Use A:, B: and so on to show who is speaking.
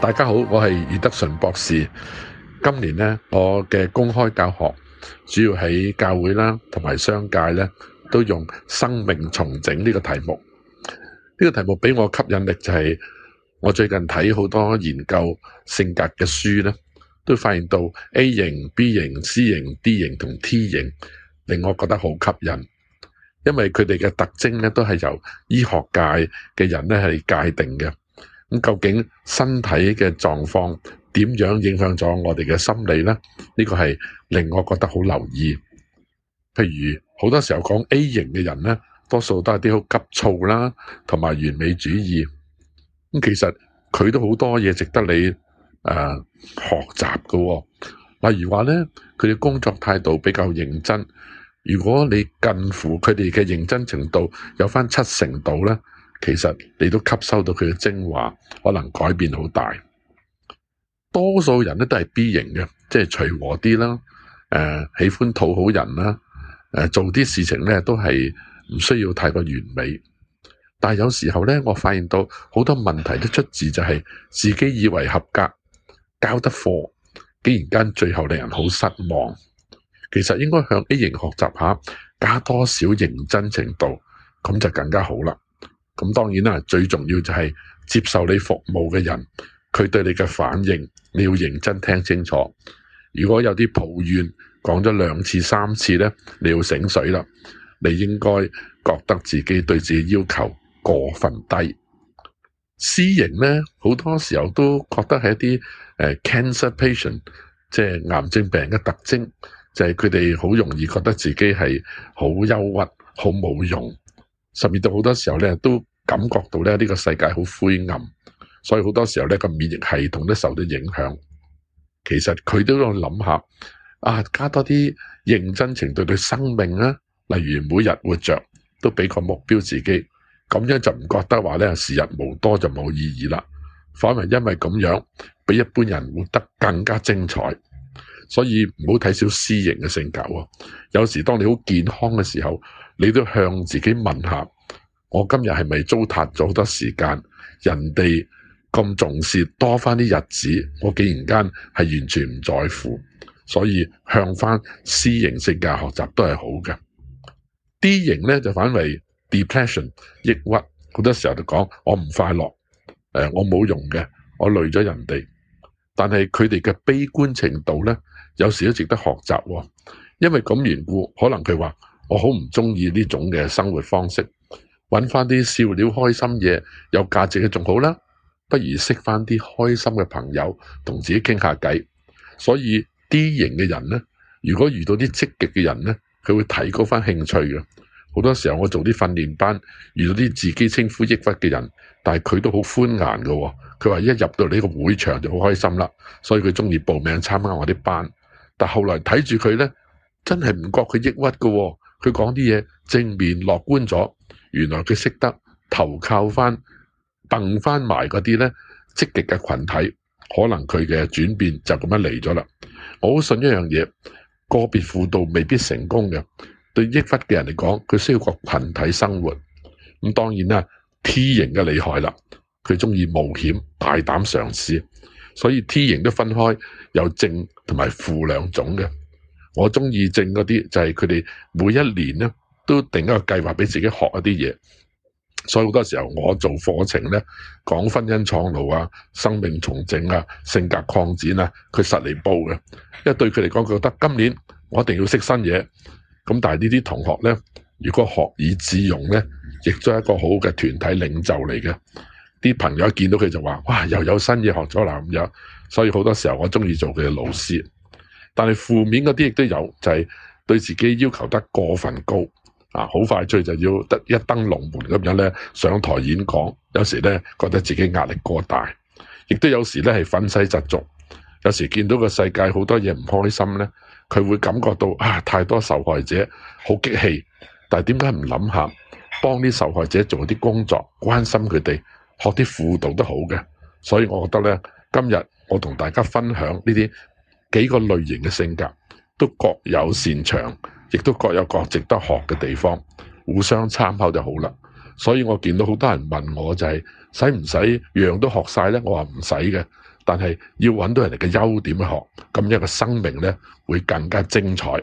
A: 大家好，我係余德淳博士。今年咧，我嘅公開教學主要喺教會啦，同埋商界咧，都用生命重整呢個題目。呢、這個題目俾我吸引力就係、是，我最近睇好多研究性格嘅書咧，都發現到 A 型、B 型、C 型、D 型同 T 型，令我覺得好吸引。因為佢哋嘅特徵咧，都係由醫學界嘅人咧去界定嘅。咁究竟身體嘅狀況點樣影響咗我哋嘅心理呢？呢、呢個係令我覺得好留意。譬如好多時候講 A 型嘅人咧，多數都係啲好急躁啦，同埋完美主義。咁其實佢都好多嘢值得你誒、呃、學習嘅喎。例如話咧，佢哋工作態度比較認真。如果你近乎佢哋嘅認真程度有翻七成度咧。其實你都吸收到佢嘅精華，可能改變好大。多數人都係 B 型嘅，即係隨和啲啦，呃，喜歡討好人啦，呃，做啲事情呢都係唔需要太過完美。但係有時候呢，我發現到好多問題都出自就係自己以為合格，交得貨，竟然間最後令人好失望。其實應該向 A 型學習下，加多少認真程度，咁就更加好啦。咁當然啦，最重要就係接受你服務嘅人，佢對你嘅反應，你要認真聽清楚。如果有啲抱怨講咗兩次、三次咧，你要醒水啦。你應該覺得自己對自己要求過分低。私營咧，好多時候都覺得係一啲 cancer patient，即係癌症病人嘅特徵，就係佢哋好容易覺得自己係好憂鬱、好冇用。甚至到好多時候咧，都感覺到咧呢、這個世界好灰暗，所以好多時候咧個免疫系統都受到影響。其實佢都要諗下，啊加多啲認真程度對，對生命啊，例如每日活着都俾個目標自己，咁樣就唔覺得話咧時日無多就冇意義啦。反而因為咁樣，比一般人活得更加精彩。所以唔好睇少 C 型嘅性格啊！有時當你好健康嘅時候。你都向自己問下，我今日係咪糟蹋咗好多時間？人哋咁重視多翻啲日子，我竟然間係完全唔在乎，所以向翻 C 型性格學習都係好嘅。D 型咧就反為 depression 抑鬱，好多時候就講我唔快樂，誒我冇用嘅，我累咗人哋。但係佢哋嘅悲觀程度咧，有時都值得學習喎、哦。因為咁緣故，可能佢話。我好唔鍾意呢種嘅生活方式，揾翻啲笑料、開心嘢、有價值嘅仲好啦，不如識翻啲開心嘅朋友同自己傾下偈。所以 D 型嘅人咧，如果遇到啲積極嘅人咧，佢會提高翻興趣嘅。好多時候我做啲訓練班，遇到啲自己稱呼抑鬱嘅人，但係佢都好歡顏㗎喎。佢話一入到呢個會場就好開心啦，所以佢鍾意報名參加我啲班。但係後來睇住佢咧，真係唔覺佢抑鬱㗎喎。佢講啲嘢正面樂觀咗，原來佢識得投靠返、掟返埋嗰啲呢積極嘅羣體，可能佢嘅轉變就咁樣嚟咗啦。我好信一樣嘢，個別輔導未必成功嘅，對抑鬱嘅人嚟講，佢需要個群體生活。咁當然啦，T 型嘅厲害啦，佢鍾意冒險、大膽嘗試，所以 T 型都分開有正同埋負兩種嘅。我中意正嗰啲，就係佢哋每一年咧都定一個計劃俾自己學一啲嘢，所以好多時候我做課程咧講婚姻創路啊、生命重整啊、性格擴展啊，佢實嚟報嘅，因為對佢嚟講，佢覺得今年我一定要識新嘢，咁但係呢啲同學咧如果學以致用咧，亦都係一個好嘅團體領袖嚟嘅，啲朋友一見到佢就話哇，又有新嘢學咗啦咁樣，所以好多時候我中意做佢嘅老師。但係負面嗰啲亦都有，就係、是、對自己要求得過分高，啊好快脆就要得一登龍門咁樣咧上台演講，有時咧覺得自己壓力過大，亦都有時咧係憤世嫉俗。有時見到個世界好多嘢唔開心咧，佢會感覺到啊太多受害者，好激氣，但係點解唔諗下幫啲受害者做啲工作，關心佢哋，學啲輔導都好嘅，所以我覺得咧今日我同大家分享呢啲。幾個類型嘅性格都各有擅長，亦都各有各值得學嘅地方，互相參考就好啦。所以我見到好多人問我就係使唔使樣都學晒呢？我話唔使嘅，但係要搵到人哋嘅優點去學，咁樣嘅生命呢會更加精彩。